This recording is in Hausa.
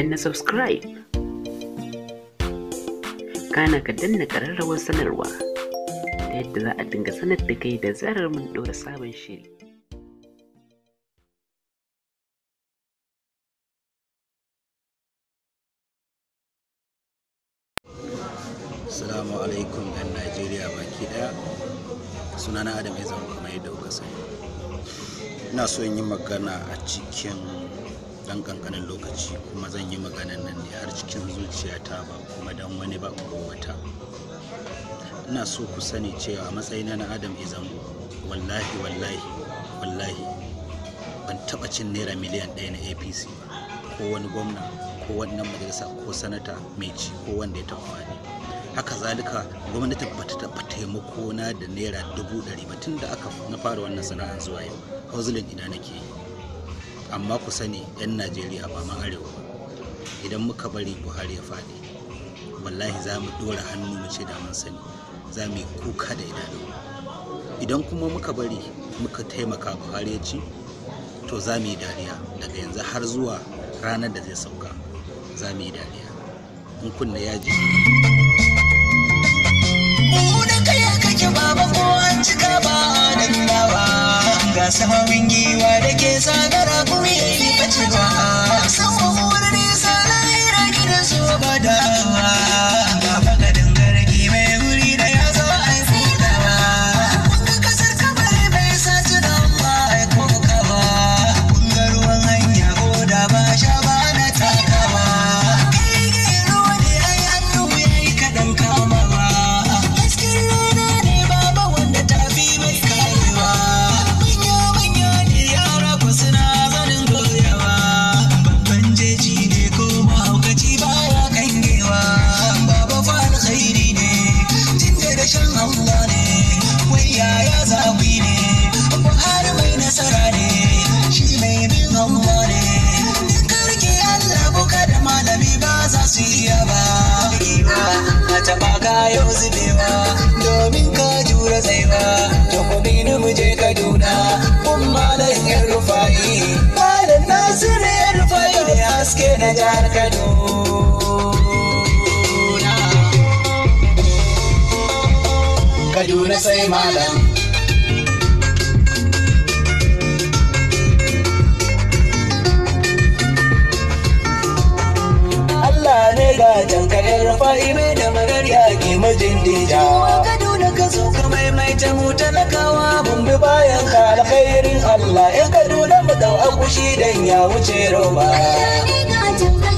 danna subscribe kana ka danna ƙararrawar sanarwa ta yadda za a dinga sanar da kai da zarar mun ɗora sabon shiri Assalamu alaikum ɗan Najeriya baki ɗaya sunana Adam ya zama kuma yadda kuka sani ina so in yi magana a cikin dan kankanin lokaci kuma zan yi magana nan ne har cikin zuciyata ba kuma dan wani ba ko wata ina so ku sani cewa matsayin na adam izango wallahi wallahi wallahi ban taɓa cin naira miliyan ɗaya na apc ko wani gwamna ko wannan majalisa ko sanata mai ci ko wanda ya taba haka zalika gwamnati ba ta taba taimako na da naira dubu ɗari ba tun da aka na fara wannan sana'a zuwa yau hauzulin ina nake yi amma ku sani 'yan najeriya ba ma arewa ba. idan muka bari buhari ya faɗi wallahi za mu ɗora hannu mu ce da sani za mu yi kuka da idanu idan kuma muka bari muka taimaka buhari ya ci to za mu yi dariya daga yanzu har zuwa ranar da zai sauka za mu yi dariya in kunna ya ji cika ba sahawin giwa da ke tsanar ba ya bacewa siya ba ba a taba ka yau zubewa domin ka jura tsaiwa to ku bi ni muje kaduna kun malam yan rufa'i malam nasiru yan rufa'i da haske na jihar kano Kaduna sai malam dija kaduna ka zo ka maimaita mu talakawa mun bi bayan alkhairin allah Yan kaduna mu dau akushi dan ya wuce roba